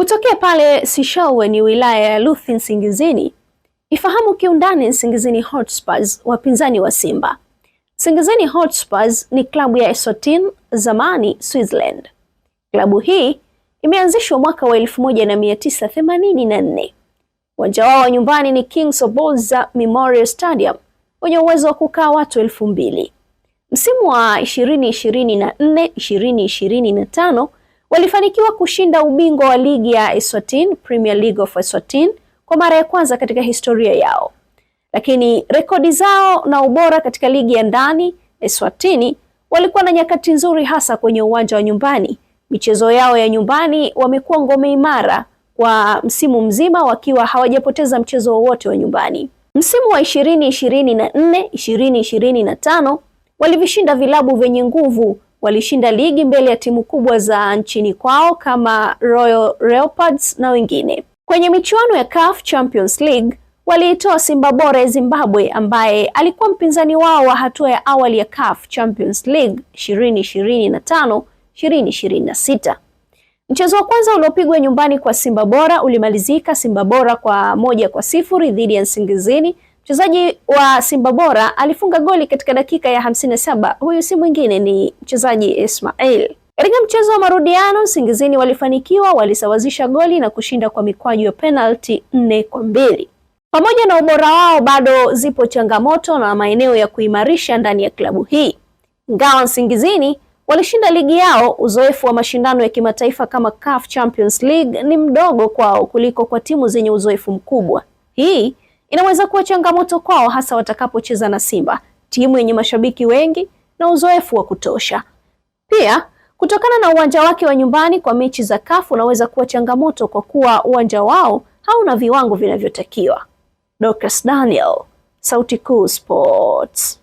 Kutokea pale Sishowe ni wilaya ya Luthi Nsingizini. Ifahamu kiundani Nsingizini Hotspurs, wapinzani wa Simba. Nsingizini Hotspurs ni klabu ya Eswatini, zamani Switzerland. Klabu hii imeanzishwa mwaka wa 1984. Uwanja wao wa nyumbani ni of Sobonza Memorial Stadium wenye uwezo wa kukaa watu elfu mbili. Msimu wa 2024 2025 walifanikiwa kushinda ubingwa wa ligi ya Eswatini, Premier League of Eswatini, kwa mara ya kwanza katika historia yao, lakini rekodi zao na ubora katika ligi ya ndani Eswatini walikuwa na nyakati nzuri, hasa kwenye uwanja wa nyumbani. Michezo yao ya nyumbani wamekuwa ngome imara kwa msimu mzima, wakiwa hawajapoteza mchezo wowote wa nyumbani. Msimu wa ishirini ishirini na nne ishirini ishirini na tano walivishinda vilabu vyenye nguvu walishinda ligi mbele ya timu kubwa za nchini kwao kama Royal Leopards na wengine. Kwenye michuano ya CAF Champions League waliitoa Simba Bora ya Zimbabwe ambaye alikuwa mpinzani wao wa hatua ya awali ya CAF Champions League 2025 2026. Mchezo wa kwanza uliopigwa nyumbani kwa Simba Bora ulimalizika Simba Bora kwa moja kwa sifuri dhidi ya Nsingizini Mchezaji wa Simba Bora alifunga goli katika dakika ya hamsini na saba. Huyu si mwingine ni mchezaji Ismail. Katika mchezo wa marudiano Singizini walifanikiwa, walisawazisha goli na kushinda kwa mikwaju ya penalti nne kwa mbili. Pamoja na ubora wao, bado zipo changamoto na maeneo ya kuimarisha ndani ya klabu hii. Ingawa Singizini walishinda ligi yao, uzoefu wa mashindano ya kimataifa kama CAF Champions League ni mdogo kwao kuliko kwa timu zenye uzoefu mkubwa. Hii inaweza kuwa changamoto kwao, hasa watakapocheza na Simba, timu yenye mashabiki wengi na uzoefu wa kutosha. Pia kutokana na uwanja wake wa nyumbani kwa mechi za CAF unaweza kuwa changamoto kwa kuwa uwanja wao hauna viwango vinavyotakiwa. Dorcas Daniel, Sauti Kuu Sports.